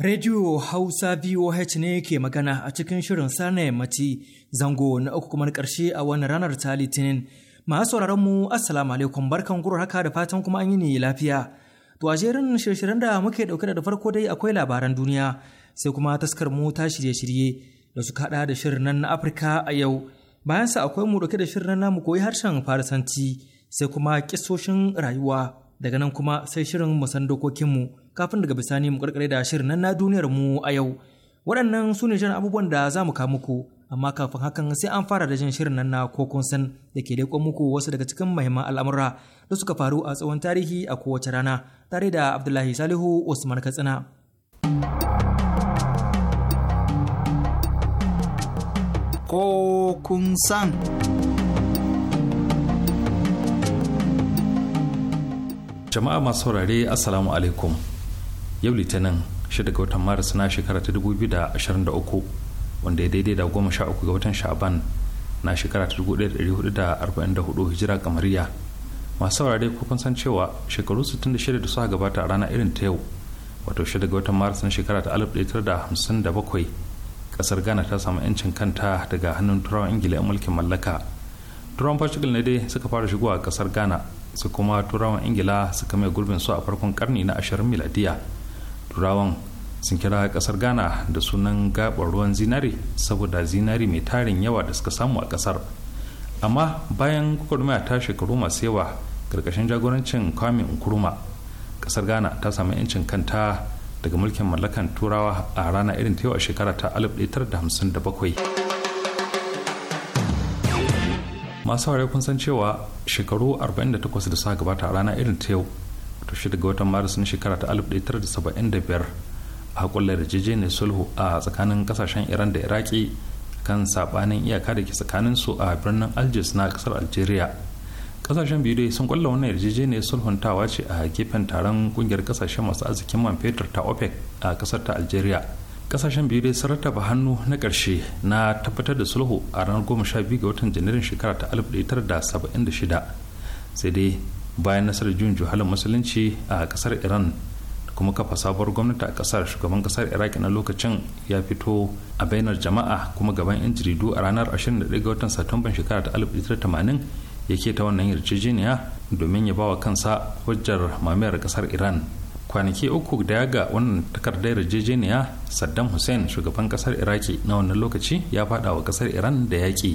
Rediyo Hausa VOH ne ke magana a cikin shirin sana yammaci zango na uku kuma karshe a wannan ranar ta Litinin. Masu sauraron mu Assalamu alaikum barkan gurur haka da fatan kuma an yi ne lafiya. To a jerin shirye da muke dauke da farko dai akwai labaran duniya sai kuma taskar mu ta shirye-shirye da suka hada da shirin nan na Afirka a yau. Bayan sa akwai mu dauke da shirin nan namu koyi harshen Faransanci, sai kuma kisoshin rayuwa daga nan kuma sai shirin mu san dokokin mu. kafin daga bisani mu karkare da shirin nan na duniyar mu a yau waɗannan su ne shirin abubuwan da za mu kawo muku amma kafin hakan sai an fara da jin shirin nan na kokon san da ke leƙon muku wasu daga cikin mahimman al'amura da suka faru a tsawon tarihi a kowace rana tare da abdullahi salihu usman katsina kokun san jama'a masu saurare assalamu alaikum yau litinin 6 ga watan maris na shekara ta 2023 wanda ya daidai da 13 ga watan sha'aban na shekara ta 1444 hijira kamariya masu saurare ko kun san cewa shekaru 66 da suka gabata a rana irin ta yau wato 6 ga watan maris na shekara ta 1957 kasar ghana ta samu 'yancin kanta daga hannun turawan ingila 'yan mulkin mallaka turawan portugal ne dai suka fara shigowa kasar ghana su kuma turawan ingila suka mai gurbin su a farkon karni na 20 miladiya turawan sun kira kasar ghana da sunan gabar ruwan zinari saboda zinari mai tarin yawa da suka samu a kasar amma bayan gwagwarmaya ta shekaru masu yawa karkashin jagorancin kwamin nkrumah kasar ghana ta samu 'yancin kanta daga mulkin mallakan turawa a rana irin ta yau a shekara ta 1957 masu kun san cewa shekaru 48 da suka gabata a rana irin ta yau wato shi daga watan maris na shekara ta 1975 a kulla yarjejeniyar sulhu a tsakanin kasashen iran da iraki kan sabanin iyaka da ke tsakanin su a birnin algiers na kasar algeria kasashen biyu dai sun kwallo wannan yarjejeniyar sulhuntawa ce a gefen taron kungiyar kasashen masu arzikin man fetur ta opec a kasar ta algeria kasashen biyu dai sun rattaba hannu na karshe na tabbatar da sulhu a ranar 12 ga watan janairun shekara ta 1976 sai dai bayan nasarar juyin juhalin musulunci a kasar iran kuma kafa sabuwar gwamnati a kasar shugaban kasar iraq na lokacin ya fito a bainar jama'a kuma gaban yan jaridu a ranar 21 ga watan satumban shekara ta 1980 yake ta wannan yarjejeniya domin ya bawa kansa hujjar mamayar kasar iran kwanaki uku da ya ga wannan takardar yarjejeniya saddam hussein shugaban kasar iraki na wannan lokaci ya fada wa kasar iran da yaki.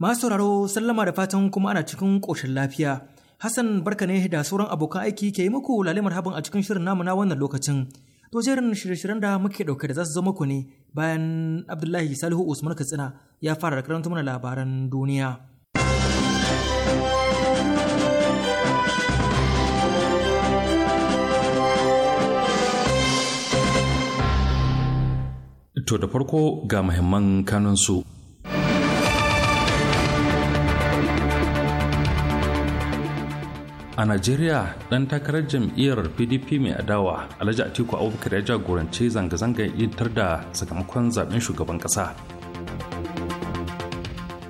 Masu sauraro sallama da fatan kuma ana cikin ƙoshin lafiya. Hassan barka ne da sauran abokan aiki ke yi muku lalle marhaban a cikin shirin namu na wannan lokacin. To jerin shirye-shiryen da muke ɗauke da za su zo muku ne bayan Abdullahi Salihu Usman Katsina ya fara da karanta mana labaran duniya. To da farko ga muhimman kanunsu. a najeriya ɗan takarar jam'iyyar pdp mai adawa alhaji atiku abubakar ya jagoranci zanga-zangar yintar da sakamakon zaben shugaban kasa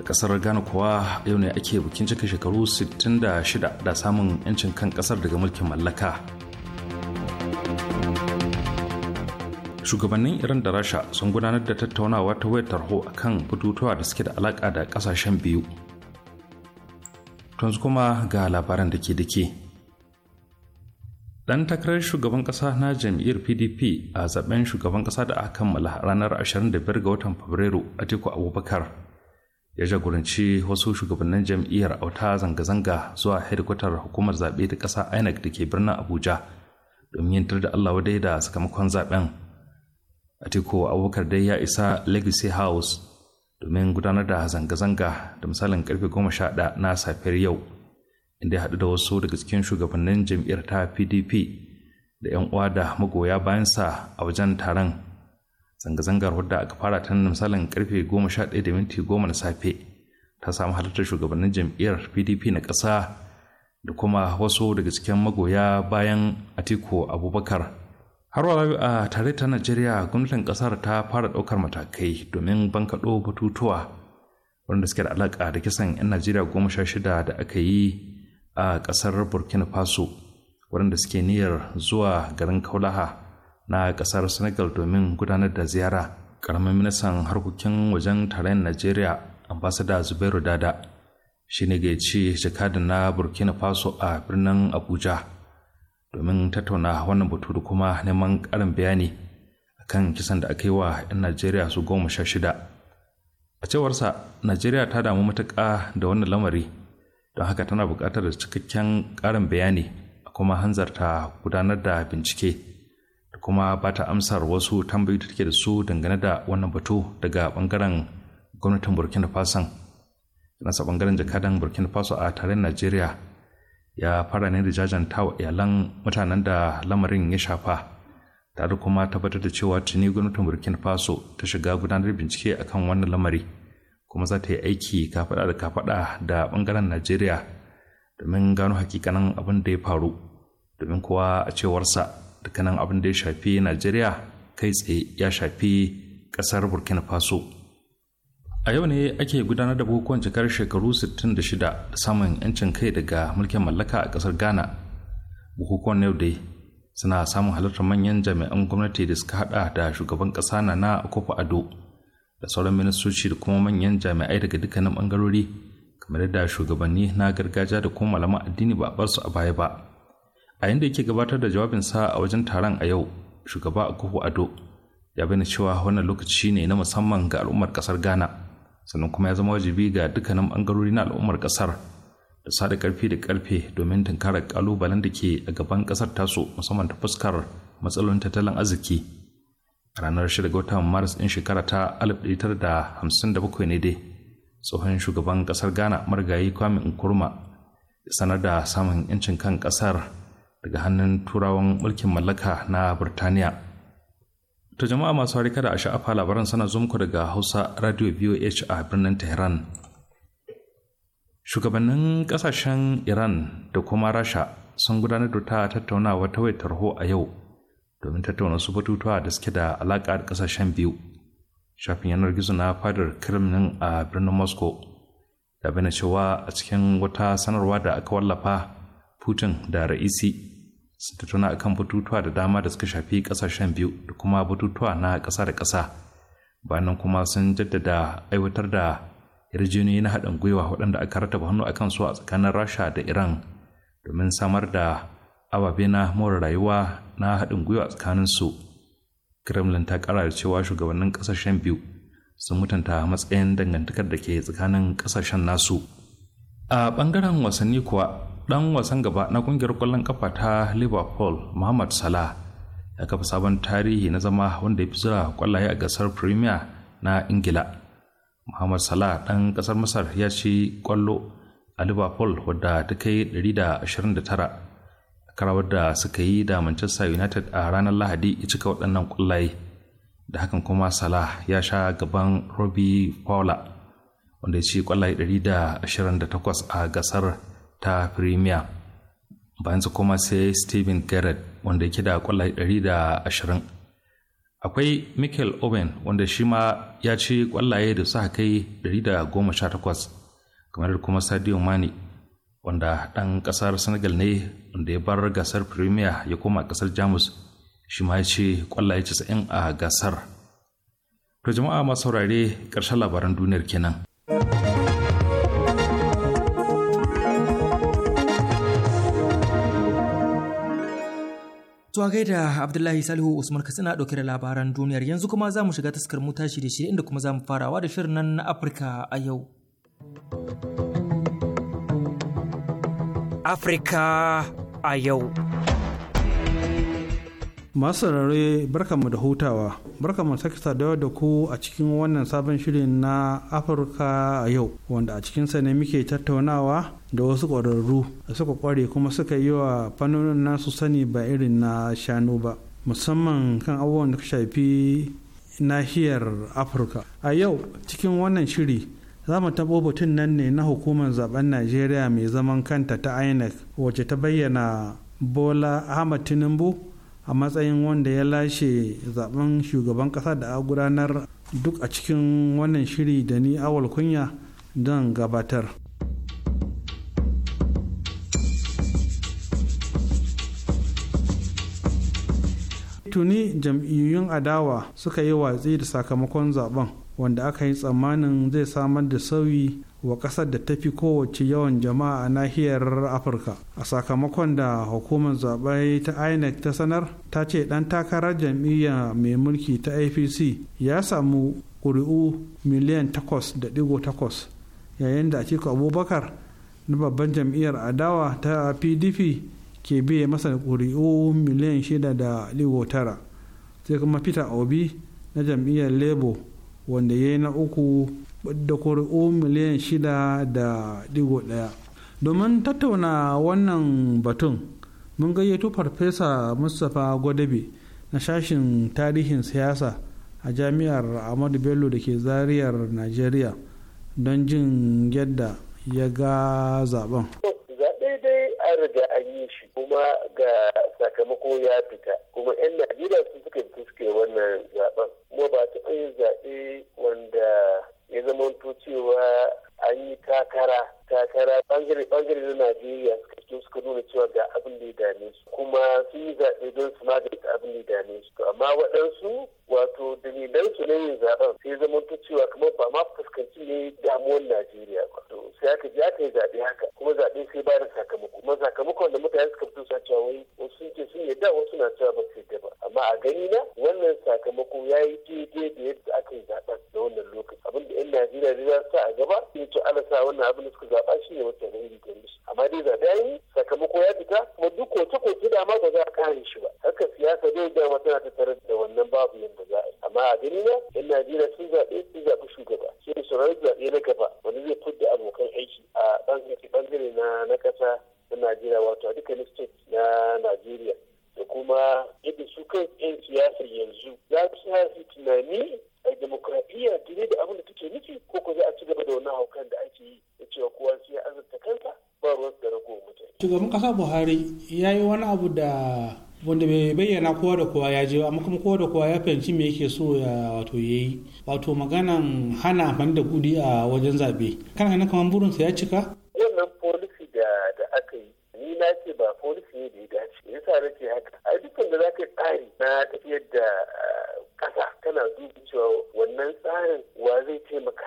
ƙasar ghana kuwa yau ne ake bikin cika shekaru 66 da samun 'yancin kan ƙasar daga mulkin mallaka shugabannin iran da rasha sun gudanar da tattaunawa ta wayar tarho akan batutuwa da suke da alaƙa da ƙasashen biyu yanzu kuma ga labaran da ke dake dan takarar shugaban kasa na jam'iyyar pdp a zaben shugaban kasa da aka kammala ranar 25 ga watan fabrairu a teku abubakar ya jagoranci wasu shugabannin jam'iyyar auta zanga-zanga zuwa hedikwatar hukumar zaɓe ta ƙasa inec da ke birnin abuja domin yin da allah wadai da sakamakon zaben atiku abubakar dai ya isa legacy house domin gudanar da zanga-zanga da misalin karfe 11 na safiyar yau inda ya haɗu da wasu daga cikin shugabannin jam'iyyar ta pdp da 'yan uwa da magoya bayansa a wajen taron zanga-zangar wadda aka fara ta misalin karfe goma na safe ta samu halartar shugabannin jam'iyyar pdp na ƙasa da kuma wasu daga cikin magoya bayan atiku abubakar har wa a tare ta najeriya gwamnatin kasar ta fara daukar matakai domin bankaɗo batutuwa wanda suke da alaƙa da kisan 'yan najeriya goma sha shida da aka yi a ƙasar burkina faso wadanda suke niyyar zuwa garin kaulaha na ƙasar senegal domin gudanar da ziyara ƙaramin ministan harkokin wajen tarayyar najeriya ambasada zubairu dada shi ne gaici jakadin na burkina faso a birnin abuja domin tattauna wannan batu da kuma neman ƙarin bayani a kan kisan da aka yi wa 'yan najeriya su goma sha shida a cewarsa najeriya ta damu matuka da wannan lamari don haka tana buƙatar da cikakken ƙarin bayani a kuma hanzarta gudanar da bincike da kuma ba ta amsar wasu tambayoyi da take da su dangane da wannan batu daga ɓangaren gwamnatin burkina faso nasa ɓangaren jakadan burkina faso a tarayyar najeriya ya fara ne da jajanta wa iyalan mutanen da lamarin ya shafa tare kuma tabbatar da cewa tuni gwamnatin burkina faso ta shiga gudanar bincike akan wannan lamari kuma za ta yi aiki kafaɗa da kafaɗa da ɓangaren najeriya domin gano hakikanin abin da ya faru domin kowa a cewarsa dukkanin abin da ya shafi najeriya kai tsaye ya shafi ƙasar burkina faso a yau ne ake gudanar da bukukuwan cikar shekaru 66 samun 'yancin kai daga mulkin mallaka a kasar ghana bukukuwan yau dai suna samun halartar manyan jami'an gwamnati da suka hada da shugaban kasa na na ado da sauran ministoci da kuma manyan jami'ai daga dukkanin bangarori kamar da shugabanni na gargajiya da kuma malaman addini ba a bar su a baya ba a yadda yake gabatar da jawabinsa a wajen taron a yau shugaba akofo ado ya bayyana cewa wannan lokaci ne na musamman ga al'ummar kasar ghana sannan kuma ya zama wajibi ga dukkanin bangarori na al'ummar kasar da sada karfi da karfe domin tunkara kalubalen da ke a gaban kasar tasu musamman ta fuskar matsalolin tattalin arziki a ranar 6 ga watan maris din shekara ta 1957 ne dai tsohon shugaban kasar ghana marigayi kwame nkurma ya sanar da samun 'yancin kan kasar daga hannun turawan mulkin mallaka na burtaniya To jama'a masu harika da sha'afa labaran sana zumku daga Hausa Radio VOH a birnin Tehran. Shugabannin kasashen Iran da kuma Rasha sun gudanar da ta tattaunawa ta wai tarho a yau domin tattauna su batutuwa da suke da alaƙa da kasashen biyu. Shafin yanar gizo na fadar Kremlin a birnin Moscow da bane cewa a cikin wata sanarwa da aka wallafa Putin da Ra'isi tattauna a akan batutuwa da dama da suka shafi kasashen biyu da kuma batutuwa na ƙasa da ƙasa bayan kuma sun jaddada aiwatar da yarjejeniyoyi na haɗin gwiwa waɗanda aka rataba hannu a kansu a tsakanin rasha da iran domin samar da ababe na more rayuwa na haɗin gwiwa tsakanin su kremlin ta ƙara da cewa shugabannin ƙasashen biyu sun mutunta matsayin dangantakar da ke tsakanin ƙasashen nasu a ɓangaren wasanni kuwa dan wasan gaba na kungiyar kwallon kafa ta liverpool muhammad salah ya kafa sabon tarihi na zama wanda ya fi zuwa kwallaye a gasar premier na ingila muhammad salah dan kasar masar ya ci kwallo a liverpool wadda ta kai 129 karawar da suka yi da manchester united a ranar lahadi ya cika waɗannan kwallaye da hakan kuma salah ya sha gaban robbie fowler wanda ya ci kwallaye 128 a gasar ta premier bayan su kuma sai steven Gerrard, wanda yake da kwallaye 120 akwai michael owen wanda shi ma ya ci kwallaye da suka kai 118 kamar kuma sadio Mane, wanda ɗan ƙasar senegal ne wanda ya bar gasar premier ya koma ƙasar jamus shi ma ya ci kwallaye 90 a gasar to jama'a masu saurare ƙarshen labaran duniyar kenan. To gaida Abdullahi Salihu Usman Katsina ɗauke da labaran duniyar yanzu kuma za mu shiga taskar mutashi da shi inda kuma za mu farawa da shirin nan na Afirka a yau. Afirka a yau. Masu rare barkanmu da hutawa, barkanmu sake sadawa da ku a cikin wannan sabon shirin na Afirka a yau, wanda a cikinsa ne muke tattaunawa da wasu ƙwararru da suka ƙware kuma suka yi wa fannonin nasu sani ba irin na shanu ba musamman kan abubuwan da ka shafi nahiyar afirka a yau cikin wannan shiri za mu taɓo batun nan ne na hukumar zaben najeriya mai zaman kanta ta inec wacce ta bayyana bola ahmad tinubu a matsayin wanda ya lashe zaben shugaban ƙasa da a gudanar duk a cikin wannan shiri da ni awal kunya don gabatar tuni jam'iyyun adawa suka yi watsi da sakamakon zaben wanda aka yi tsammanin zai samar da sauyi wa kasar da ta fi kowace yawan jama'a a nahiyar afirka a sakamakon da hukumar zaɓe ta inec ta sanar ta ce ɗan takarar jam'iyya mai mulki ta apc ya samu ƙuri'u miliyan 8.8 yayin da atiku abubakar na babban jam'iyyar adawa ta pdp ke biye masa da ƙuri'u miliyan shida da digo tara sai kuma peter obi na jam'iyyar labour wanda ya yi na uku da kuri'u miliyan shida da digo ɗaya domin tattauna wannan batun mun gayyato farfesa mustapha gwadabe na sashin tarihin siyasa a jami'ar ahmadu bello da ke zariyar nigeria don jin yadda ya ga zaben. zaɓe dai a riga yi shi kuma ga sakamako ya fita kuma 'yan najeriya su suka fuske wannan zaben kuma ba ta yin zaɓe wanda ya zama cewa an yi takara takara bangare-bangare na Najeriya suka suka nuna cewa ga abin da ya dame su kuma su yi zaɓe don su da abin da ya dame su to amma waɗansu wato dalilan su ne yin zaɓen sai zama ta cewa kamar ba ma fuskanci ne damuwar Najeriya ba to sai aka ji aka yi zaɓe haka kuma zaɓe sai ba da sakamako kuma sakamakon da mutane suka fito sa cewa wai wasu sun ce sun yadda wasu na cewa ba su yadda ba amma a gani na wannan sakamako ya yi daidai da yadda aka yi zaɓen na wannan lokaci abin da 'yan Najeriya zai sa a gaba sai to ala sa wannan abin da suka zaɓa shi ne wata zai gari amma dai zaɓe ya yi sakamako ya fita kuma duk kotu-kotu da ma ba za a kare shi ba haka siyasa dai dama tana tattare da wannan babu yadda za a yi amma a gani na yan najeriya sun zaɓe sun zaɓi shugaba sai sauraron zaɓe na gaba wanda zai da abokan aiki a ɓangare na na ƙasa na najeriya wato a dukkanin state na najeriya da kuma yadda su kan 'yan siyasa yanzu za su tunani Ai, demokradiyya dine da abin da take nufi ko ko za a ci gaba da wannan haukan da ake yi da cewa kowa sai ya azurta kansa ba ruwan da rago mutane. Shugaban kasa Buhari ya yi wani abu da wanda bai bayyana kowa da kowa ya je amma kuma kowa da kowa ya fahimci me yake so ya wato yayi wato maganan hana amfani da kudi a wajen zabe kana ganin kamar sa ya cika wannan policy da da aka yi ni na ce ba policy ne da ya dace yasa nake haka a dukkan da zaka tsari na tafiyar da in cewa wannan tsarin wa zai taimaka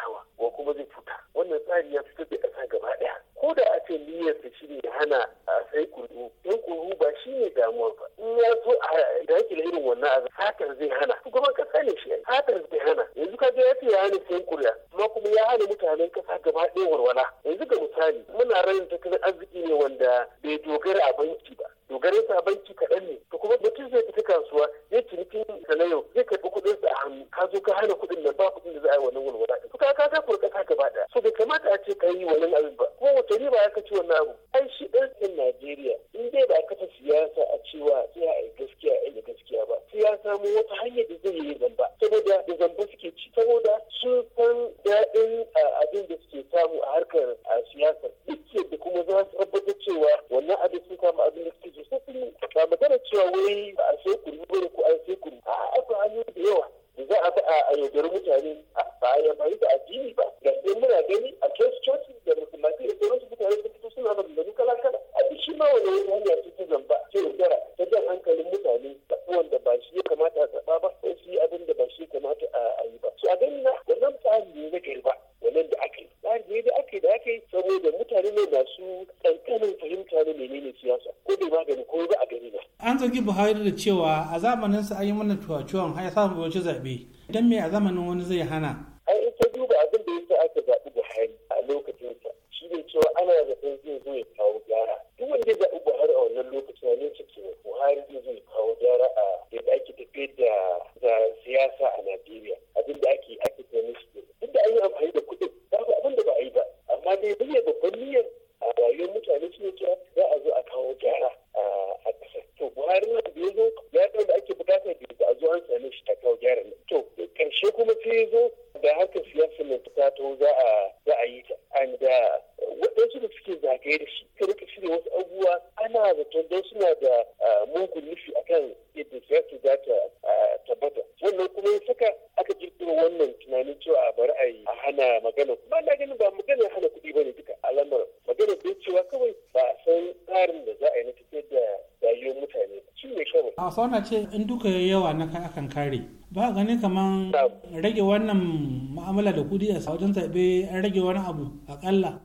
buhari da cewa a zamaninsa an yi mana tuwacuwan har ya samu wuce zaɓe don me a zamanin wani zai hana an in ka duba abin da ya sa aka zaɓi buhari a lokacinsa shi ne cewa ana zaton zai zo ya kawo gyara duk wanda ya zaɓi buhari a wannan lokacin wani ciki buhari zai zo ya kawo gyara a yadda ake tafiyar da siyasa a najeriya abin da ake ake tunanin shi duk da an yi amfani da kuɗin babu abin da ba a yi ba amma dai niyyar babban niyyar a rayuwar mutane shi ne cewa za a zo a kawo gyara na ce in duka yawa na akan kare ba a gani kaman rage wannan ma'amala da kudi a wajen zaɓe an rage wani abu akalla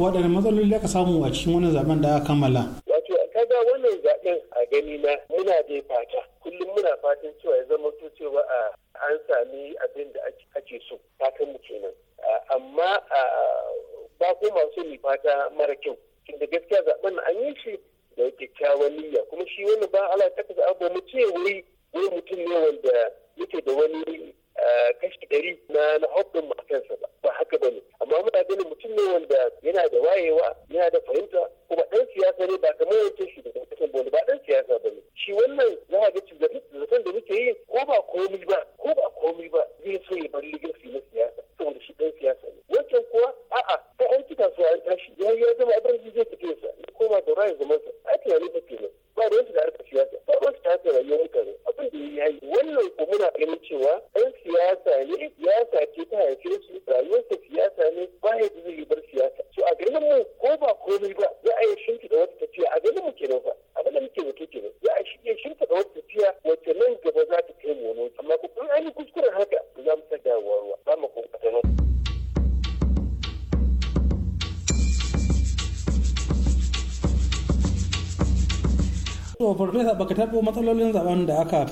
waɗanne matsaloli aka samu a cikin wani zaben da aka kammala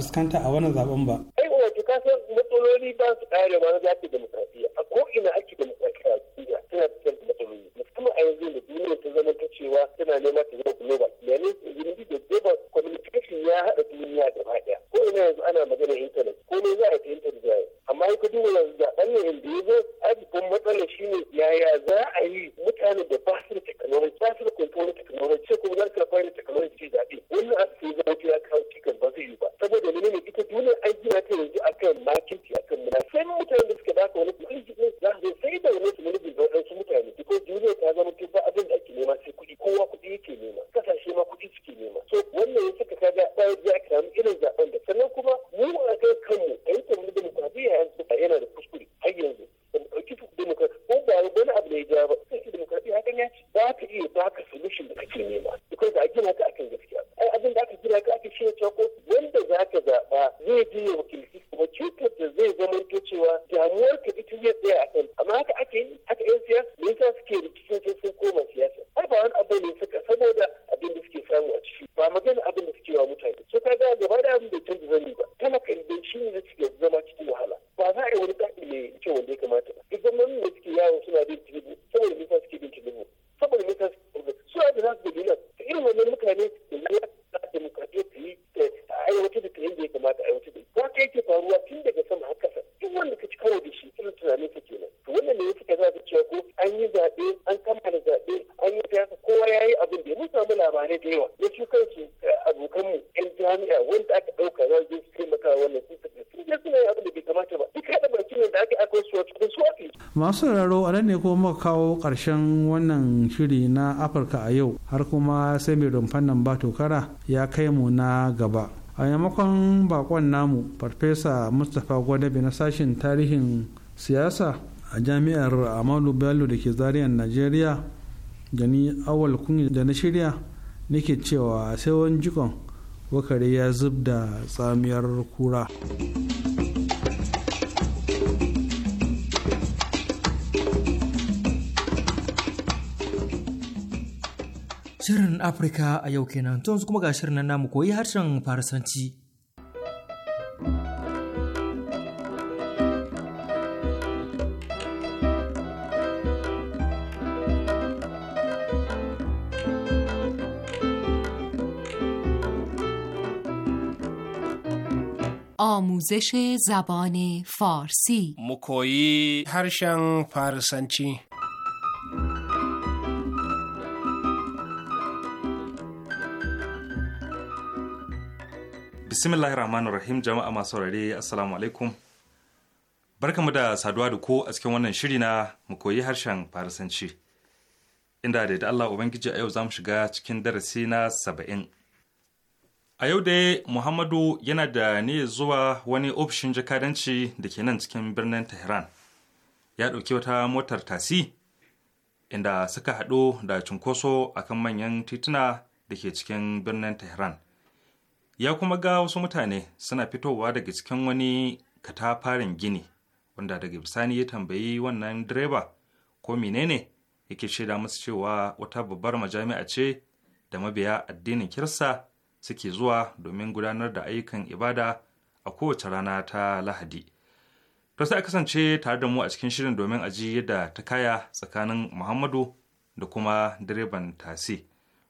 fuskanta a wannan zaben ba da ya kamata duk gwamnonin da suke yawon suna bin tinubu masu raro a ne kuma muka kawo ƙarshen wannan shiri na afirka a yau har kuma sai mai rumfan nan ba tokara ya kai mu na gaba a yamakon bakon namu farfesa mustapha gwadabi na sashen tarihin siyasa a jami'ar amadu bello da ke zariyar najeriya gani awal da na shirya nake cewa sai wani jikon wakare ya zub da tsamiyar kura. Afirka a yau kenan to yanzu kuma ga shirin koyi harshen Farisanci. آموزش زبان فارسی مکویی هرشن فارسنچی bismillahir rahmanir rahim jama'a masu saurare assalamu alaikum barkamu da saduwa da ko a cikin wannan shiri na mu koyi harshen farisanci inda da Allah ubangiji a yau za mu shiga cikin darasi na saba'in a yau dai muhammadu yana da niyyar zuwa wani ofishin jakadanci da ke nan cikin birnin tehran ya ɗauki wata motar tasi inda suka haɗu da cunkoso akan manyan tituna da ke cikin birnin tehran ya kuma ga wasu mutane suna fitowa daga cikin wani katafaren gini wanda daga bisani ya tambayi wannan direba ko menene yake shaida masu cewa wata babbar majami'a ce da mabiya addinin kirsa suke zuwa domin gudanar da ayyukan ibada a kowace rana ta lahadi to sai a kasance tare da mu a cikin shirin domin aji yadda ta kaya tsakanin muhammadu da kuma direban tasi.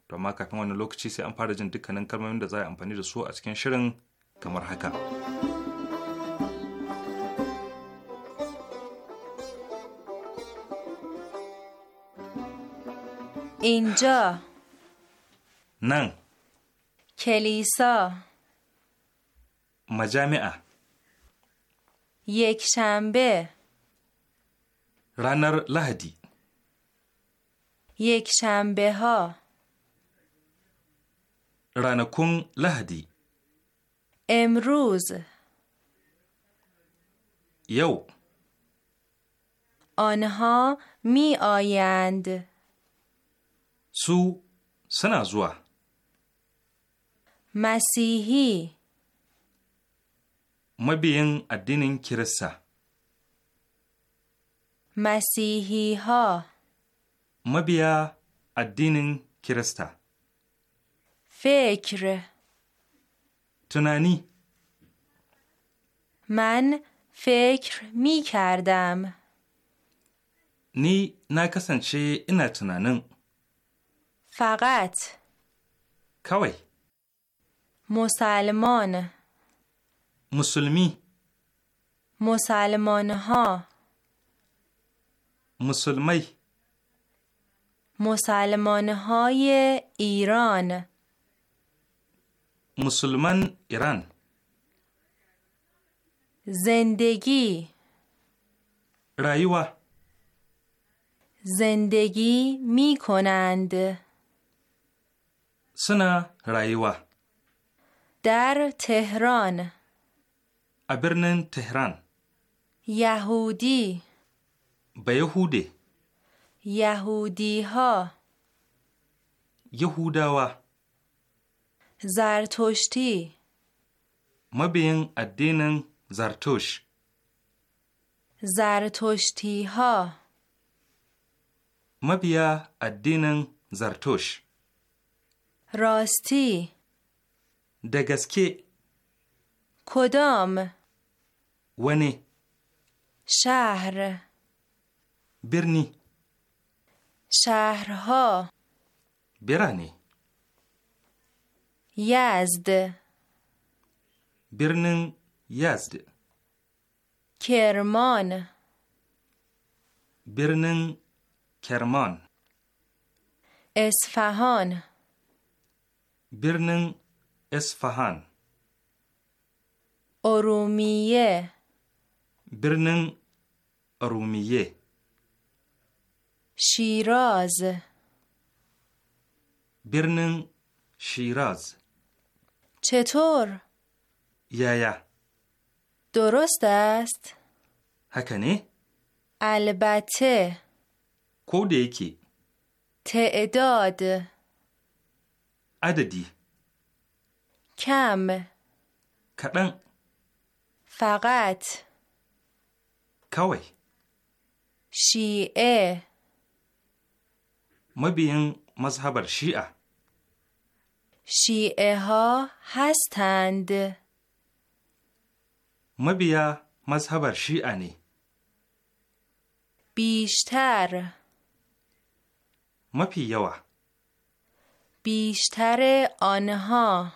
to amma kafin wani lokaci sai an fara jin dukkanin kalmomin da za a amfani da su a cikin shirin kamar haka. Inja. nan. kelisa majami'a. یک ranar lahadi لهدی ha. رانکون لهدی امروز یو آنها می آیند سو سنازوا مسیحی مبین ادینین کریسا مسیحی ها مبیا ادینین کریستا فکر تنانی من فکر می کردم نی نکسن چه اینا تنانن فقط کوی مسلمان مسلمی مسلمان ها مسلمی مسلمان های ایران مسلمان ایران زندگی رایوا زندگی می کنند سنا رایوا در تهران ابرنن تهران یهودی به یهودی یهودی ها یهوداوا زرتشتی مبین الدین زرتوش زرتشتی ها مبیا الدین زرتوش راستی دگسکی کدام ونی شهر برنی ها برانی یزد برنن یزد کرمان برنن کرمان اسفهان برنن اسفهان ارومیه برنن ارومیه شیراز برنن شیراز چطور؟ یا یا درست است؟ هکنی؟ البته کوده ایکی؟ تعداد عددی کم کدن فقط کوی شیعه مبین مذهب شیعه شیعه ها هستند مبیا مذهب شیعه بیشتر مپی یوا بیشتر آنها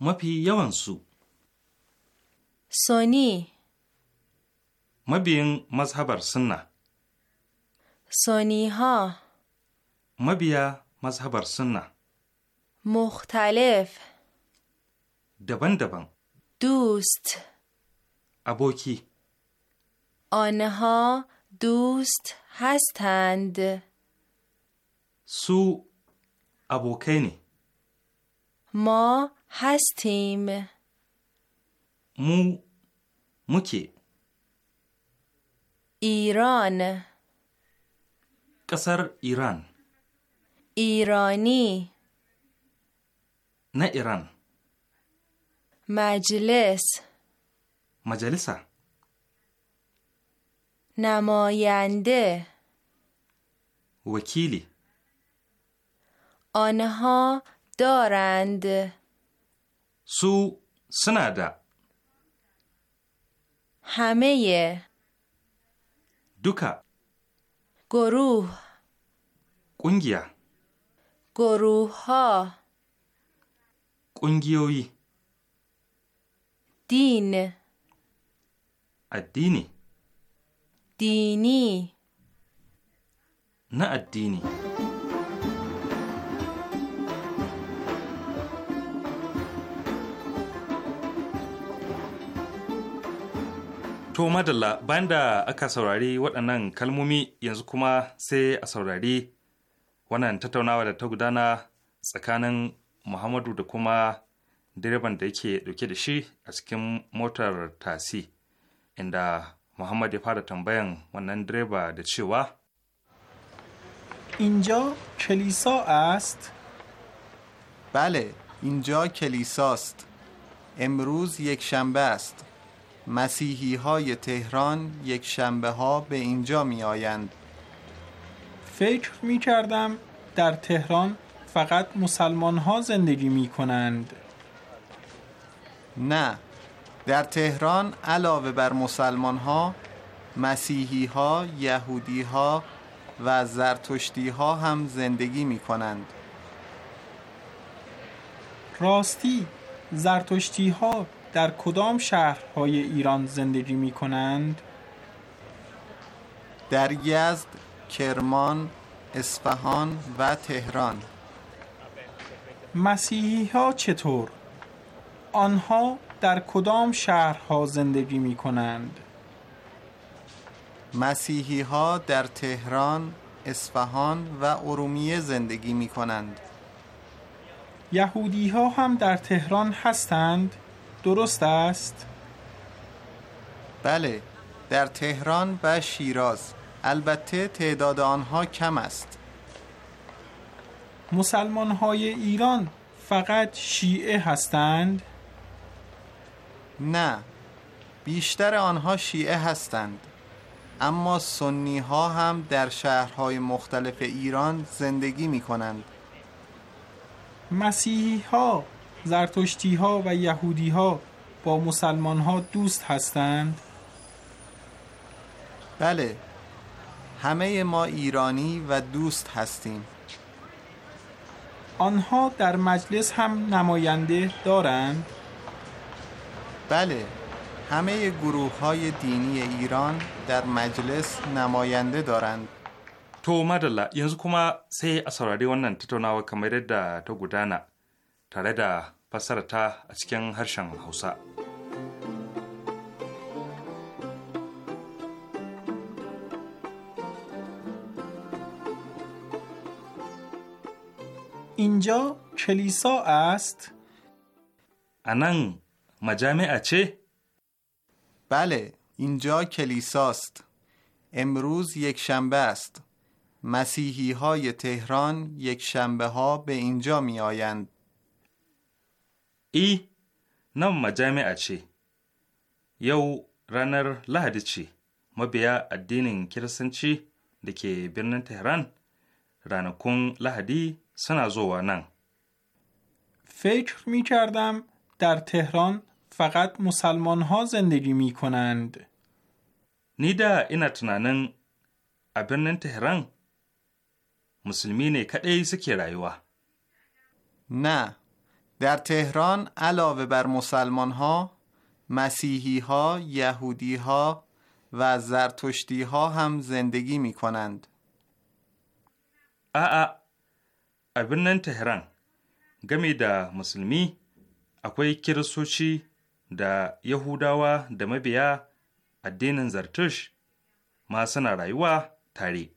مپی یوانسو سونی مبین مذهبر سنه سونی ها مبیا مذهبر سنه مختلف دبن دبن دوست ابوکی آنها دوست هستند سو ابوکینی ما هستیم مو مکی ایران قصر ایران ایرانی نه ایران مجلس مجلس نماینده وکیلی آنها دارند سو سنادا همه دوکا گروه قنگیا گروه ها ƙungiyoyi din addini dini na addini To madalla bayan da aka saurari waɗannan kalmomi yanzu kuma sai a saurari wannan tattaunawa da ta gudana tsakanin muhammadu da kuma direban da yake dauke da shi a cikin motar tasi inda muhammad ya fara tambayan wannan direba da cewa اینجا کلیسا است؟ بله، اینجا کلیساست. امروز یک شنبه است. مسیحی های تهران یک شنبه ها به اینجا می آیند. فکر می کردم در تهران فقط مسلمان ها زندگی می کنند نه در تهران علاوه بر مسلمان ها مسیحی ها یهودی ها و زرتشتی ها هم زندگی می کنند راستی زرتشتی ها در کدام شهرهای ایران زندگی می کنند؟ در یزد، کرمان، اصفهان و تهران مسیحی ها چطور؟ آنها در کدام شهرها زندگی می کنند؟ مسیحی ها در تهران، اصفهان و ارومیه زندگی می کنند. یهودی ها هم در تهران هستند؟ درست است؟ بله، در تهران و شیراز. البته تعداد آنها کم است. مسلمان های ایران فقط شیعه هستند؟ نه بیشتر آنها شیعه هستند اما سنی ها هم در شهرهای مختلف ایران زندگی می کنند مسیحی ها زرتشتی ها و یهودی ها با مسلمان ها دوست هستند؟ بله همه ما ایرانی و دوست هستیم آنها در مجلس هم نماینده دارند؟ بله همه گروه های دینی ایران در مجلس نماینده دارند To madala yanzu kuma sai a saurari wannan tattaunawa kamar yadda ta gudana tare da fassarata a cikin harshen Hausa. اینجا کلیسا است؟ انن مجامع چه؟ بله اینجا کلیساست امروز یک شنبه است مسیحی های تهران یک شنبه ها به اینجا می آیند ای نم مجامع چه؟ یو رنر لحد چه؟ ما بیا ادینین چی؟ دکه برنن تهران رانکون لحدی فکر می کردم در تهران فقط مسلمان ها زندگی می کنند. نیدا اینا تنانن ابرنن تهران مسلمین نه کدی سکی رایوا نه در تهران علاوه بر مسلمان ها مسیحی ها یهودی ها و زرتشتی ها هم زندگی می کنند. a birnin Tehran game da musulmi akwai kirisoci da Yahudawa da mabiya addinin Zartush masu na rayuwa tare.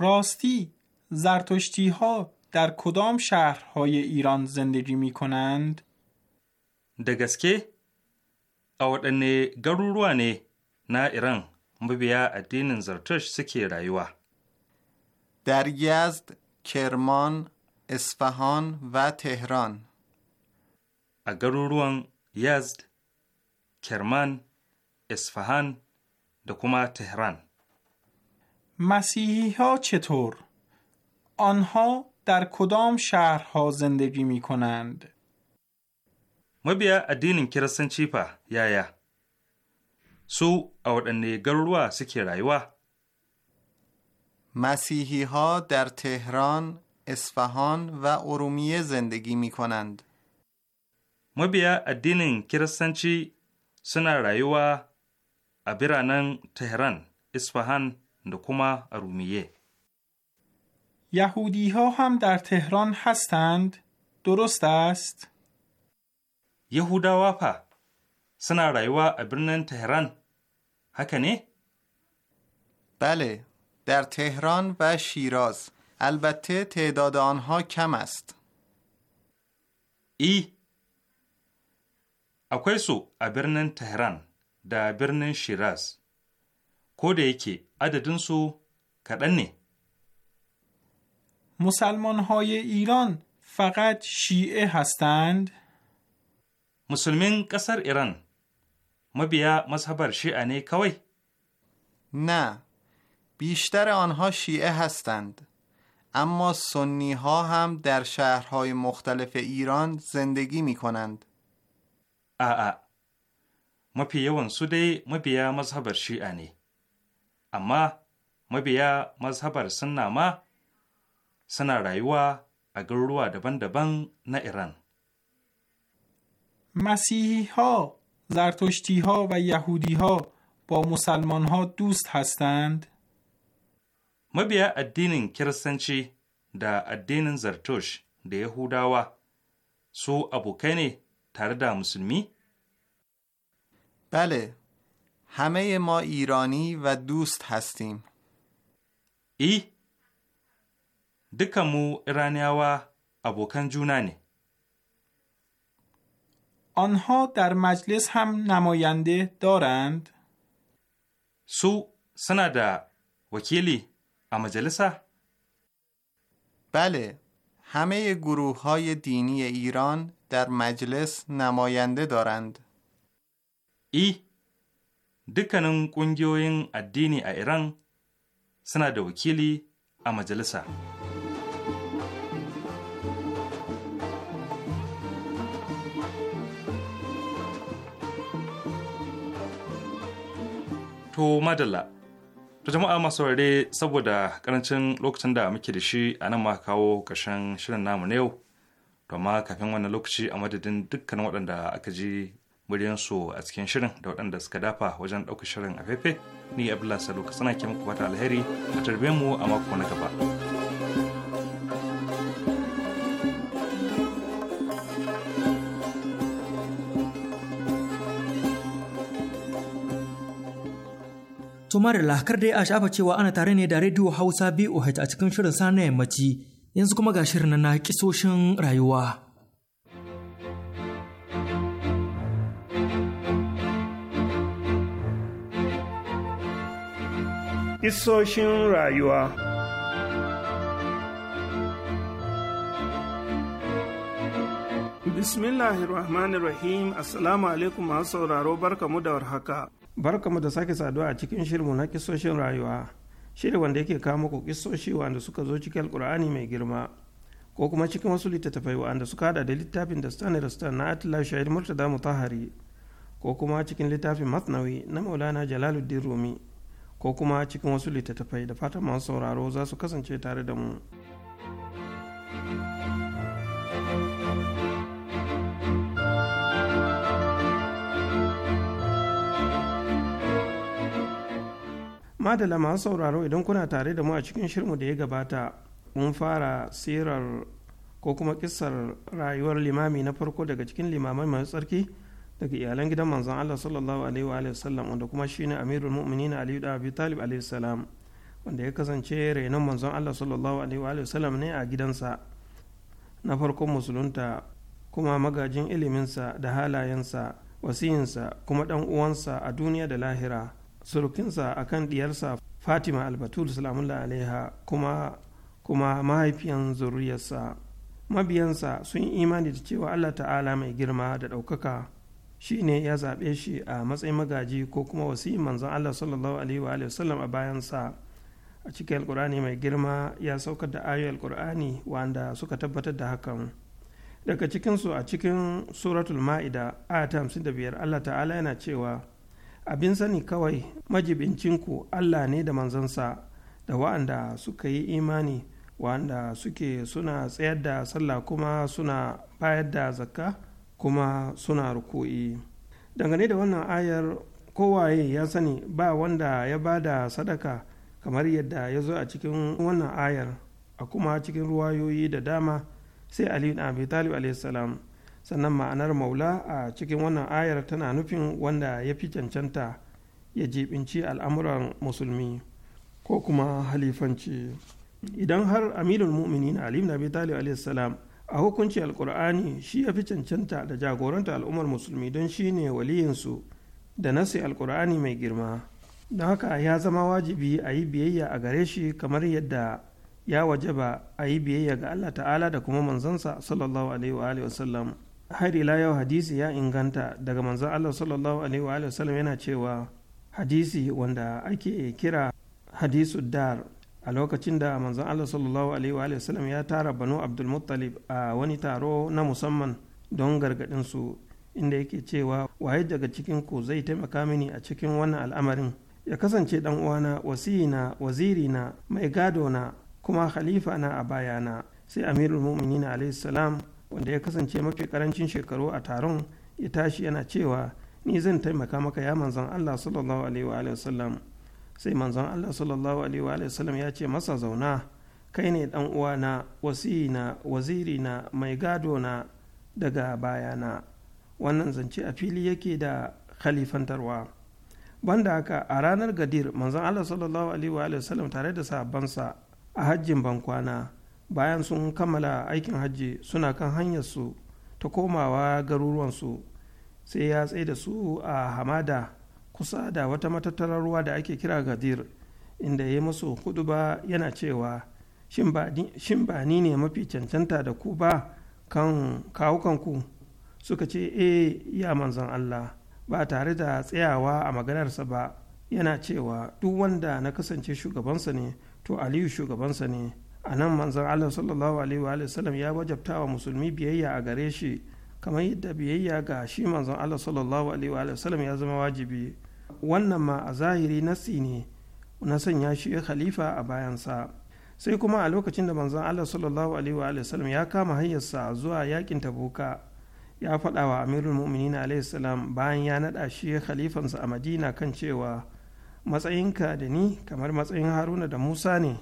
Rosti, Zartushti ha dar kudam shahar Iran zindegi mi konand? Da gaske, a waɗanne garuruwa ne na Iran mabiya addinin Zartush suke rayuwa. Dar yazd کرمان، اسفهان و تهران. اگر یزد، کرمان، اصفهان، دکومه تهران. مسیحی ها چطور؟ آنها در کدام شهرها زندگی می کنند؟ ما بیا ادین کرسن چیپا یا یا سو او دنی گروه سکی مسیحی ها در تهران، اصفهان و ارومیه زندگی می کنند. مبیا ادینین کرسنچی سنا رایوا ابرانن تهران، اصفهان و ارومیه. یهودی ها هم در تهران هستند؟ درست است؟ یهودا واپا. سنا رایوا ابرنن تهران هکنه؟ بله در تهران و شیراز البته تعداد آنها کم است ای akwai ابرن تهران تهران دا da شیراز کد که da سو مسلمان های ایران فقط شیعه هستند؟ مسلمین قصر ایران مبیا مذهبر شیعه نه کوی؟ نه بیشتر آنها شیعه هستند اما سنی ها هم در شهرهای مختلف ایران زندگی می کنند آآ ما دی سودی بیا مذهب شیعه نی اما مبیا مذهب سن ما سنا رایوا اگر روا دبن دبن نا ایران مسیحی ها، زرتشتی ها و یهودی ها با مسلمان ها دوست هستند؟ mabiya addinin kiristanci da addinin zartosh da yahudawa su abokai ne tare da musulmi? bale hame ma irani va dust hastim i duka mu iraniyawa abokan juna ne آنها در مجلس هم نماینده دارند؟ سو سنا دا وکیلی اما مجلس؟ بله همه گروه های دینی ایران در مجلس نماینده دارند ای دکنن کنگیوین ادینی ایران سنا دو وکیلی ا مجلس. تو madalla To jama'a masu ware saboda karancin lokacin da muke da shi a nan ma kawo ƙarshen shirin namu na yau. To amma kafin wannan lokaci a madadin dukkanin waɗanda aka ji muryansu a cikin shirin da waɗanda suka dafa wajen ɗaukar shirin a fefe ni Abdullahi Salo ka ke muku fata alheri a tarbe mu a mako na gaba. Tumar lakar dai a shafa cewa ana tare ne da Radio Hausa BOH a cikin shirin sa na yammaci yanzu kuma ga shirin na kisoshin rayuwa. Isoshin rayuwa Bismillahirrahmanirrahim Assalamu alaikum masu sauraro barkamu da warhaka. barkamu da sake saduwa a cikin shirinmu na kisoshin rayuwa shiri wanda yake kawo muku kisoshi wanda suka zo cikin alkur'ani mai girma ko kuma cikin wasu littattafai wanda suka hada da littafin da stan da na atila shahid murtada mutahari ko kuma cikin littafin matnawi na maulana jalaluddin rumi ko kuma cikin wasu littattafai da fatan masu sauraro za su kasance tare da mu. madala masu sauraro idan kuna tare da mu a cikin shirmu da ya gabata mun fara sirar ko kuma kisar rayuwar limami na farko daga cikin limamai masu tsarki daga iyalan gidan manzon Allah sallallahu alaihi wa sallam wanda kuma shine amirul mu'minin Ali da Abi Talib alaihi salam wanda ya kasance rainon manzon Allah sallallahu alaihi wa sallam ne a gidansa na farkon musulunta kuma magajin iliminsa da halayensa wasiyinsa kuma dan uwansa a duniya da lahira surukinsa a kan diyarsa fatima albatul salamullah alaiha kuma kuma mahaifiyan zuriyarsa mabiyansa sun imani da cewa allah ta'ala mai girma da ɗaukaka shi ne ya zaɓe shi a matsayin magaji ko kuma wasi manzon allah sallallahu alaihi wa sallam a bayansa a cikin alkur'ani mai girma ya saukar da ayoyi alkur'ani wanda suka tabbatar da hakan daga cikinsu a cikin suratul ma'ida a ta 55 allah ta'ala yana cewa abin sani kawai majibincinku allah ne da manzansa da wa'anda suka yi imani wa'anda suke suna tsayar da sallah kuma suna bayar da zakka kuma suna ruku'i dangane da wannan ayar kowaye ya sani ba wanda ya ba da sadaka kamar yadda ya zo a cikin wannan ayar a kuma cikin ruwayoyi da dama sai Ali bin abi talib salam sannan ma'anar maula a cikin wannan ayar tana nufin wanda ya fi cancanta ya jibinci al'amuran musulmi ko kuma halifanci idan har amirul mu'minin ali na talib Salam, a hukunci alkur'ani shi ya fi cancanta da jagoranta al'ummar musulmi don shi ne waliyinsu da nasi alkur'ani mai girma don haka ya zama wajibi a yi biyayya a gare shi kamar yadda ya wajaba a yi biyayya ga allah ta'ala da kuma manzansa sallallahu alaihi wa sallam har ila yau hadisi ya inganta daga manzon Allah sallallahu alaihi wa sallam yana cewa hadisi wanda ake kira hadisu dar a lokacin da manzon Allah sallallahu alaihi wa sallam ya tara banu Abdul Muttalib a wani taro na musamman don gargadin su inda yake cewa waye daga cikin ku zai taimaka mini a cikin wannan al'amarin ya kasance dan uwana wasiyina wazirina mai gado na kuma khalifa na a bayana sai amirul mu'minin alaihi salam wanda ya kasance mafi karancin shekaru a taron ya tashi yana cewa ni zan taimaka maka ya manzon Allah sallallahu alaihi wa wasallam sai manzon Allah sallallahu alaihi wa wasallam ya ce masa zauna kai ne dan uwana waziri na mai gado na daga bayana wannan zance a fili yake da khalifantarwa banda haka a ranar gadir manzon Allah sallallahu alaihi wa wasallam tare da sahabbansa a hajjin bankwana bayan sun kammala aikin hajji suna kan hanyarsu ta komawa garuruwansu sai ya tsaye da su a hamada kusa da wata matattarar ruwa da ake kira gadir inda ya musu masu ba yana cewa shin ba ni ne mafi cancanta da ku ba kan kawukanku suka ce e ya manzan allah ba tare da tsayawa a maganarsa ba yana cewa duk wanda na kasance shugabansa ne to aliyu shugabansa ne a nan manzon allah sallallahu alaihi wa sallam ya wajabta wa musulmi biyayya a gare shi kamar yadda biyayya ga shi manzon allah sallallahu alaihi wa sallam ya zama wajibi wannan ma a zahiri nasi ne na sanya shi khalifa a bayansa sai kuma a lokacin da manzon allah sallallahu alaihi wa sallam ya kama hanyarsa zuwa yakin tabuka ya faɗa wa amirul mu'minin alaihi salam bayan ya naɗa shi khalifansa a madina kan cewa matsayinka da ni kamar matsayin haruna da musa ne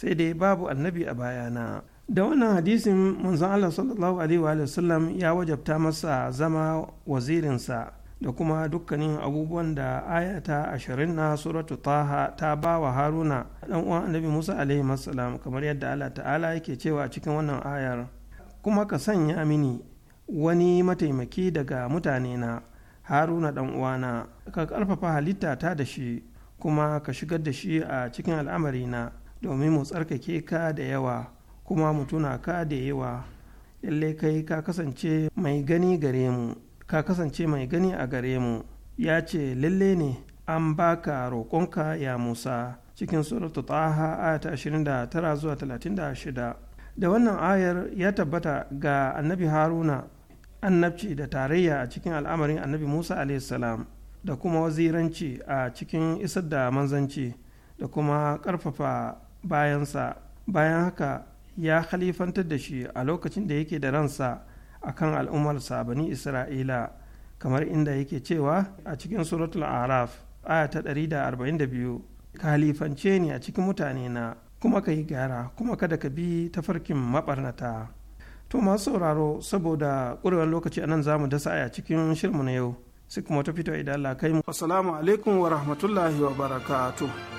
sai dai babu annabi a bayana da wannan hadisin manzon Allah sallallahu alaihi wa sallam ya wajabta masa zama wazirinsa da kuma dukkanin abubuwan da ayata ashirin na suratu taha ta ba wa haruna dan uwan annabi musa alaihi salam kamar yadda allah ta'ala yake cewa cikin wannan ayar kuma ka sanya mini wani mataimaki daga mutane na haruna dan uwana ka karfafa halitta ta da shi kuma ka shigar da shi a cikin al'amari na domin mu tsarkake ka da yawa kuma mu tuna ka da yawa lallai kai ka kasance mai gani gare mu ka kasance mai gani a gare mu ya ce lalle ne an baka roƙonka ya musa cikin suratu taha ayata 29 zuwa 36 da wannan ayar ya tabbata ga annabi haruna annabci da tarayya a cikin al'amarin annabi musa salam da kuma waziranci a cikin isar da manzanci da kuma ƙarfafa bayansa bayan haka ya halifantar da shi a lokacin da yake da ransa a kan al'ummar sabani isra'ila kamar inda yake cewa a cikin suratul araf aya ta da da arba'in biyu, ka halifance ni a cikin mutane na kuma ka yi gyara kuma kada ka bi farkin maɓarnata to masu sauraro saboda ƙurewar lokaci anan za mu dasa a cikin shirmu na yau sai kuma ta fito idan Allah kai mu assalamu alaikum wa rahmatullahi wa barakatuh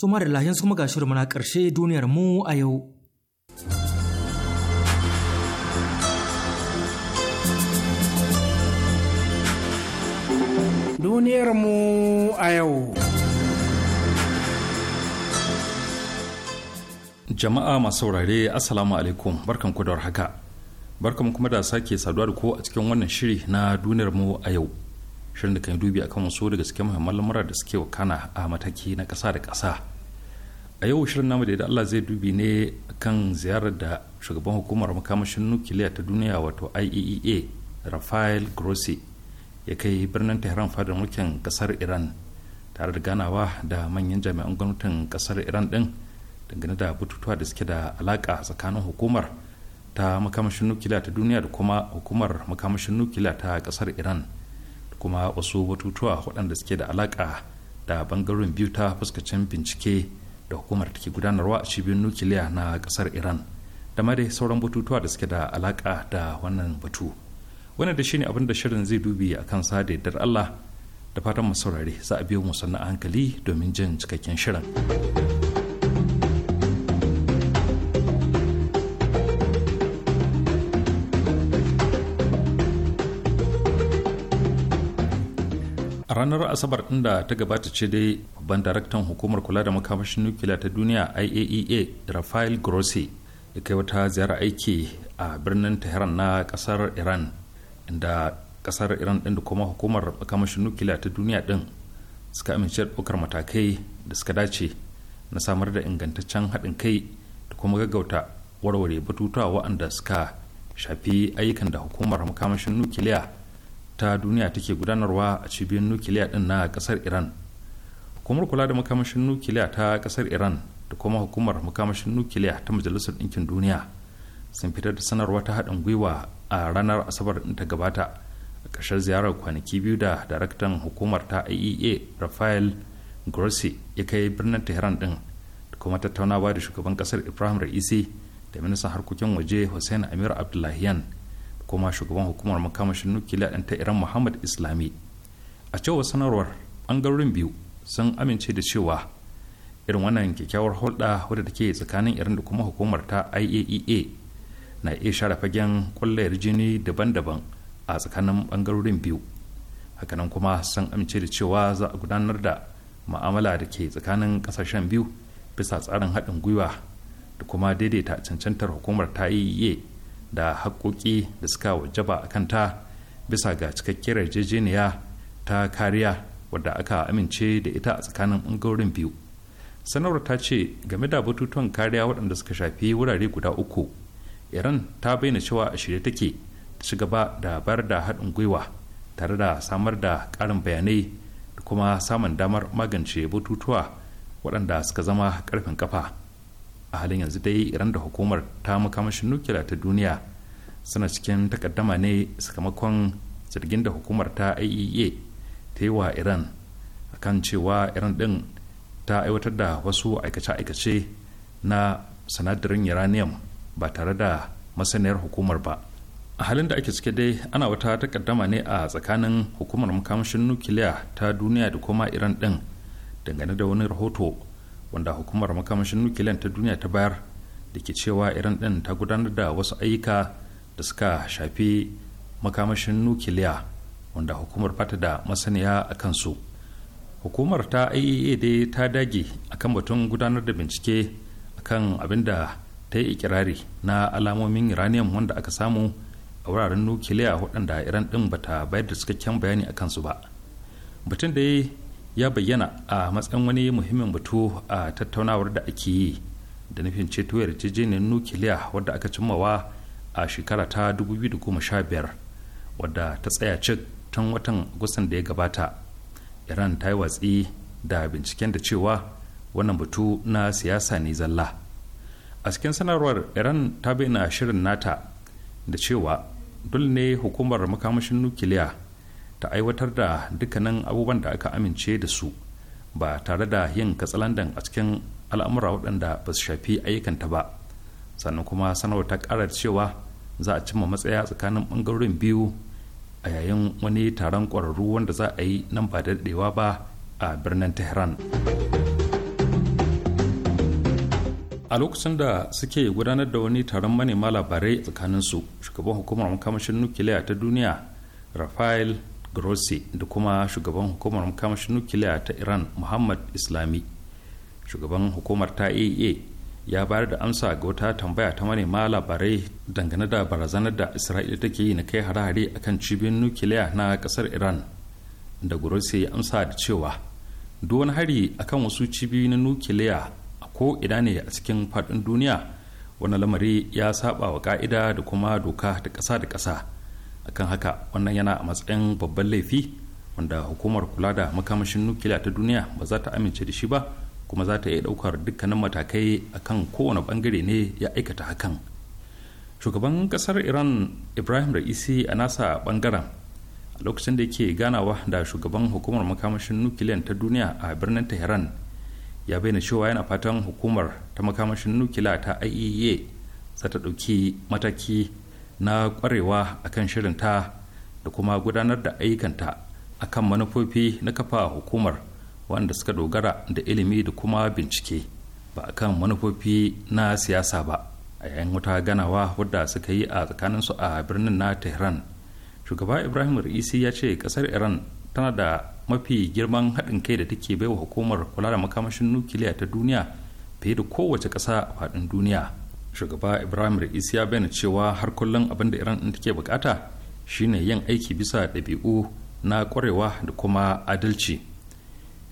To da lahin kuma ga shirin na karshe duniyar mu a yau. Duniyar mu a yau. Jama'a masu saurare Assalamu alaikum barkanku da haka. Barkan kuma da sake saduwa da ko a cikin wannan shiri na duniyar mu a yau. Shirin da kan dubi akan wasu daga cikin muhimman lamura da suke wakana a mataki na kasa da kasa. a yau shirin namu da Allah zai dubi ne kan ziyarar da shugaban hukumar makamashin nukiliya ta duniya wato IAEA e Rafael Grossi ya kai birnin Tehran fadar mulkin kasar Iran tare da ganawa da manyan jami'an gwamnatin kasar Iran din dangane da bututuwa da suke da alaka tsakanin hukumar ta makamashin nukiliya ta duniya da kuma hukumar makamashin nukiliya ta kasar Iran da kuma wasu batutuwa waɗanda suke da alaka da bangaren biyu ta fuskacin bincike da hukumar da ke gudanarwa a cibiyar nukiliya na kasar iran da ma dai sauran batutuwa da suke da alaka da wannan batu wannan da shine abin da shirin zai dubi a kan sa da yardar allah da fatan masaurari za a biyo mu sannan hankali domin jin cikakken shirin. a ranar asabar ɗin da ta gabata ce dai babban daraktan hukumar kula da makamashin nukiliya ta duniya iaea e rafael grossi ya kai wata ziyara aiki a birnin tehran na kasar iran inda kasar iran din da kuma hukumar makamashin nukiliya ta duniya din suka amince ɗaukar matakai da suka dace na samar da ingantaccen haɗin kai da kuma gaggauta warware batutuwa waɗanda suka shafi ayyukan da hukumar makamashin nukiliya ta duniya take gudanarwa a cibiyar nukiliya din na kasar iran hukumar kula da makamashin nukiliya ta kasar iran da kuma hukumar makamashin nukiliya ta majalisar ɗinkin duniya sun fitar da sanarwa ta haɗin gwiwa a ranar asabar din ta gabata a ƙarshen ziyarar kwanaki biyu da daraktan hukumar ta iaea e rafael grossi ya kai birnin tehran din da kuma tattaunawa da shugaban kasar ibrahim ra'isi da ministan harkokin waje hussein amir abdullahiyan kuma shugaban hukumar makamashin nukiliya ɗin ta iran muhammad islami a cewar sanarwar ɓangarorin biyu sun amince da cewa irin wannan kyakkyawar hulɗa wadda take tsakanin iran da kuma hukumar ta iaea e na iya share fagen kwallayar jini daban-daban a tsakanin ɓangarorin biyu hakanan kuma sun amince da cewa za a gudanar da ma'amala da ke tsakanin ƙasashen biyu bisa tsarin haɗin gwiwa da kuma daidaita cancantar hukumar ta iaea e da haƙoƙi da suka wajaba a kanta bisa ga cikakkiyar yarjejeniya ta kariya wadda aka amince da ita a tsakanin ɓangarorin biyu sanarwar ta ce game da batutuwan kariya waɗanda suka shafi wurare guda uku iran ta bayyana cewa a shirye take ta ci gaba da bayar da haɗin gwiwa tare da samar da ƙarin bayanai da kuma samun damar magance batutuwa waɗanda suka zama ƙarfin kafa a halin yanzu dai iran da hukumar ta makamashin nukiliya ta duniya suna cikin takaddama ne sakamakon zargin da hukumar ta iaea ta yi wa iran kan cewa iran din ta aiwatar da wasu aikace-aikace na sanadarin uranium ba tare da masaniyar hukumar ba a halin da ake cike dai ana wata takaddama ne a tsakanin hukumar makamashin nukiliya ta duniya da kuma iran din dangane da wani rahoto wanda hukumar makamashin nukiliyan ta duniya ta bayar da ke cewa iran din ta gudanar da wasu ayyuka da suka shafi makamashin nukiliya wanda hukumar bata da masaniya a kansu hukumar ta iaea e dai ta dage akan batun gudanar da bincike akan abin da ta yi ikirari na alamomin uranium wanda aka samu a wuraren nukiliya waɗanda iran ɗin bata bayar da cikakken bayani a kansu ba batun da ya bayyana a matsayin wani muhimmin batu a tattaunawar da ake yi da nufin ceto yarjejeniyar nukiliya wadda aka cimma wa a shekara ta 2015 wadda ta tsaya cik tun watan agustan da ya gabata iran ta yi watsi da binciken da cewa wannan batu na siyasa ne zalla a cikin sanarwar iran ta bayyana shirin nata da cewa dole ne hukumar makamashin nukiliya ta aiwatar da dukkanin abubuwan da aka amince da su ba tare da yin katsalandan a cikin al'amura waɗanda ba su shafi ayyukanta ba sannan kuma sanarwar ta ƙara cewa za a cimma matsaya tsakanin ɓangarorin biyu a yayin wani taron ƙwararru wanda za a yi nan ba daɗewa ba a birnin tehran a lokacin da suke gudanar da wani taron manema labarai tsakanin su shugaban hukumar makamashin nukiliya ta duniya rafael grossi da kuma shugaban hukumar makamashin nukiliya ta iran muhammad islami shugaban hukumar ta aea ya bayar da amsa ga wata tambaya ta manema labarai dangane da barazanar da isra'ila take yi na kai hare-hare kan cibiyar nukiliya na kasar iran da grossi ya amsa da cewa wani hari akan wasu cibiyoyi na nukiliya a ko ina ne a cikin faɗin duniya wani lamari ya saba wa ka'ida da kuma doka da ƙasa da ƙasa akan haka wannan yana a matsayin babban laifi wanda hukumar kula da makamashin nukiliya ta duniya ba za ta amince da shi ba kuma za ta iya ɗaukar dukkanin matakai a akan kowane bangare ne ya aikata hakan shugaban kasar iran ibrahim ra'isi a nasa bangaren a lokacin da yake ganawa da shugaban hukumar makamashin nukiliyan ta duniya a birnin tehran ya bayyana cewa yana fatan hukumar ta makamashin nukiliya ta iea za ta dauki mataki na kwarewa akan shirinta da kuma gudanar da ayyukanta akan manufofi na kafa hukumar wanda suka dogara da ilimi da kuma bincike ba a kan manufofi na siyasa ba a yayin wata ganawa wadda suka yi a tsakaninsu a birnin na tehran shugaba ibrahim isi ya ce kasar iran tana da mafi girman haɗin kai da take baiwa hukumar kula da makamashin nukiliya ta duniya fiye da kowace ƙasa faɗin duniya shugaba ibrahim ra'is ya bayyana cewa har kullum abin da iran in take bukata shine yin aiki bisa ɗabi'u na ƙwarewa da kuma adalci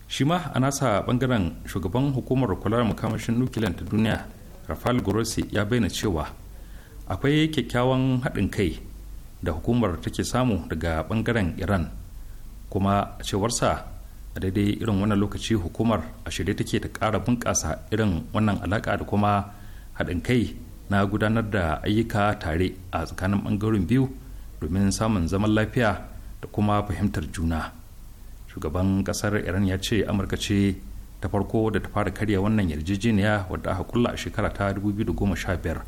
shi ma a nasa bangaren shugaban hukumar kula da makamashin nukiliyan ta duniya rafael grossi ya bayyana cewa akwai kyakkyawan haɗin kai da hukumar take samu daga bangaren iran kuma a cewarsa a daidai irin wannan lokaci hukumar a shirye take ta ƙara bunƙasa irin wannan alaƙa da kuma haɗin kai na gudanar da ayyuka tare a tsakanin ɓangaren biyu domin samun zaman lafiya da kuma fahimtar juna shugaban ƙasar iran ya ce amurka ce ta farko da ta fara karya wannan yarjejeniya wadda aka kulla a shekara ta 2015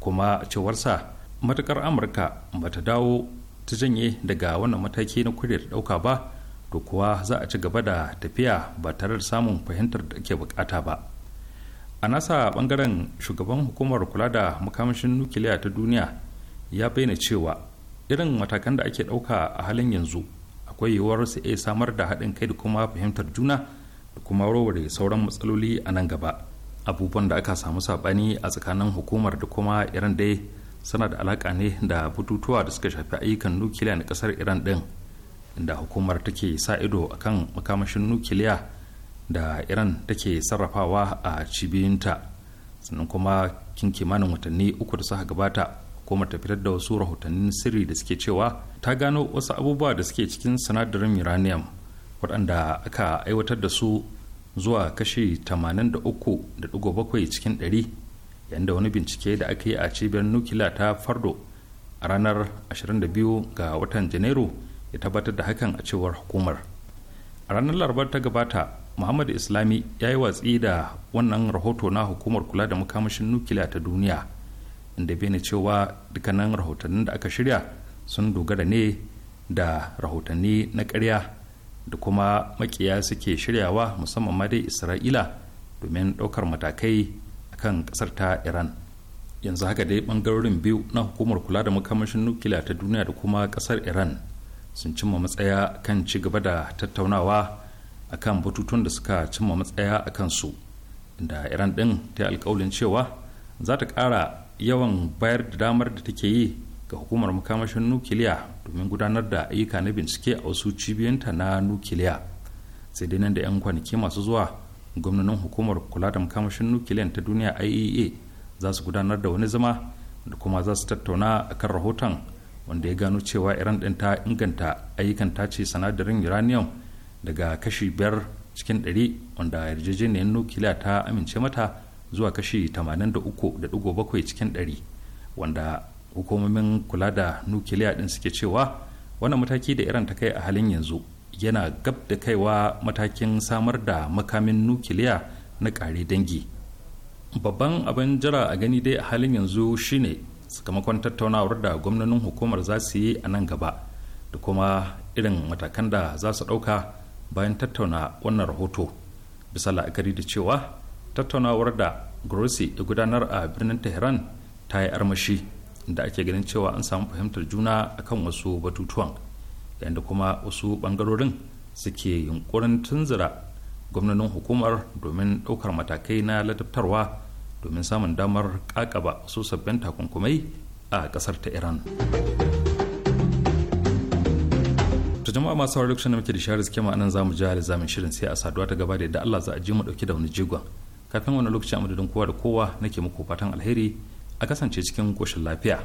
kuma cewarsa matukar amurka ba ta dawo ta janye daga wannan mataki na kuriya ta dauka ba to kuwa za a ci gaba da tafiya ba tare da samun fahimtar da ake bukata ba a nasa bangaren shugaban hukumar kula da makamashin nukiliya ta duniya ya bayyana cewa irin matakan da ake ɗauka a halin yanzu akwai yiwuwar su iya samar da haɗin kai da kuma fahimtar juna da kuma warware sauran matsaloli a nan gaba abubuwan da aka samu saɓani a tsakanin hukumar da kuma iran dai suna da alaƙa ne da bututuwa da suka shafi ayyukan nukiliya na ƙasar iran ɗin inda hukumar take sa ido akan makamashin nukiliya da iran take sarrafawa a cibiyinta sannan kuma kin kimanin watanni uku da suka gabata hukumar ta fitar da wasu rahotannin sirri da suke cewa ta gano wasu abubuwa da suke cikin sinadarin uranium waɗanda aka aiwatar da su zuwa kashi 83.7 cikin 100 yayin wani bincike da aka yi a cibiyar nukila ta fardo a ranar 22 ga watan janairu ya tabbatar da hakan a cewar hukumar a ranar larabar ta gabata muhammadu islami ya yi watsi da wannan rahoto na hukumar kula da makamashin nukiliya ta duniya inda bene cewa dukkanin rahotannin da aka shirya sun dogara ne da rahotanni na karya da kuma makiya suke shiryawa musamman ma dai isra'ila domin ɗaukar matakai a kan ƙasar ta iran yanzu haka dai ɓangarorin biyu na hukumar kula da makamashin nukiliya ta duniya da kuma ƙasar iran sun cimma matsaya kan ci gaba da tattaunawa akan batutun da suka cimma matsaya a kansu da iran ɗin ta yi alkawalin cewa za ta ƙara yawan bayar da damar da take yi ga hukumar makamashin nukiliya domin gudanar da ayyuka na bincike a wasu cibiyanta na nukiliya sai dai nan da 'yan kwanaki masu zuwa gwamnanin hukumar kula da makamashin nukiliyan ta duniya iaea za su gudanar da wani zama da kuma za su tattauna akan rahoton wanda ya gano cewa iran ɗin ta inganta ayyukan ta tace sanadarin uranium daga kashi biyar cikin ɗari wanda yarjejeniyar nukiliya ta amince mata zuwa kashi 83.7 cikin ɗari wanda hukumomin kula da nukiliya ɗin suke cewa wannan mataki da iran ta kai a halin yanzu yana gab da kaiwa matakin samar da makamin nukiliya na ƙare dangi babban abin jira a gani dai a halin yanzu shine sakamakon tattaunawar da gwamnanin hukumar za su yi a nan gaba da kuma irin matakan da za su ɗauka bayan tattauna wannan rahoto bisa la'akari da cewa tattaunawar da grossi ya gudanar a birnin tehran ta yi armashi da ake ganin cewa an samu fahimtar juna akan wasu batutuwan yadda kuma wasu bangarorin suke yunkurin tunzura gwamnanin hukumar domin ɗaukar matakai na ladabtarwa domin samun damar ƙaƙaba su sabbin takunkumai a ƙasar ta iran jama'a masu sauraron lokacin da muke da shahar zikima anan zamu ji da zamin shirin sai a saduwa ta gaba da yadda Allah za a ji mu dauke da wani jigon kafin wani lokaci a madadin kowa da kowa nake muku fatan alheri a kasance cikin koshin lafiya.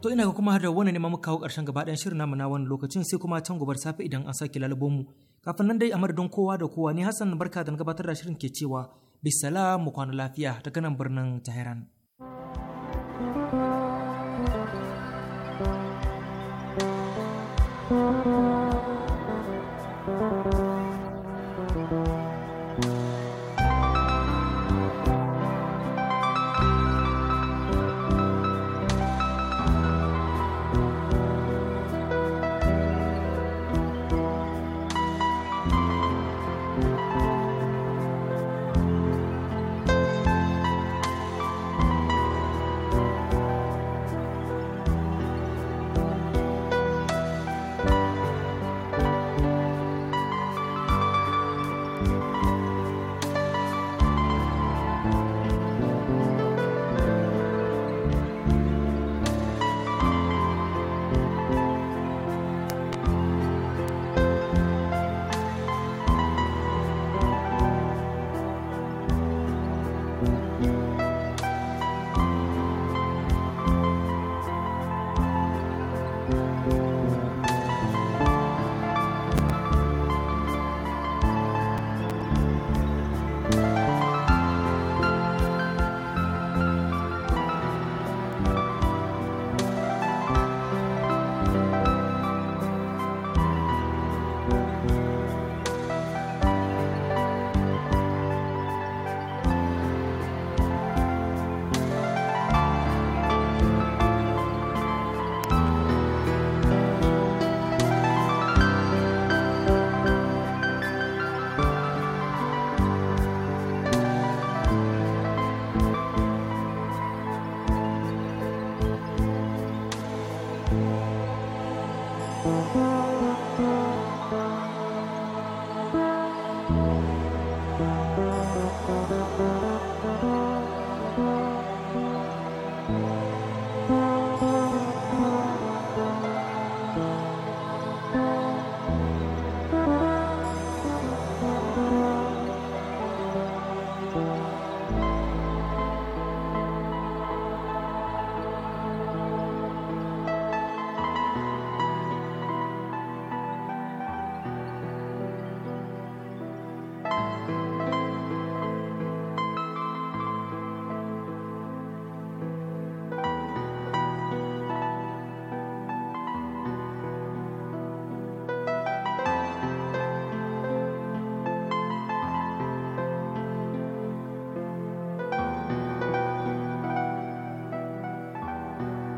To ina ga kuma har da wani ne muka kawo ƙarshen gaba ɗayan shirin namu na wani lokacin sai kuma can gobar safe idan an sake lalubo mu. Kafin nan dai a madadin kowa da kowa ni Hassan barka da gabatar da shirin ke cewa bisalam mu kwana lafiya ta nan birnin Tehran.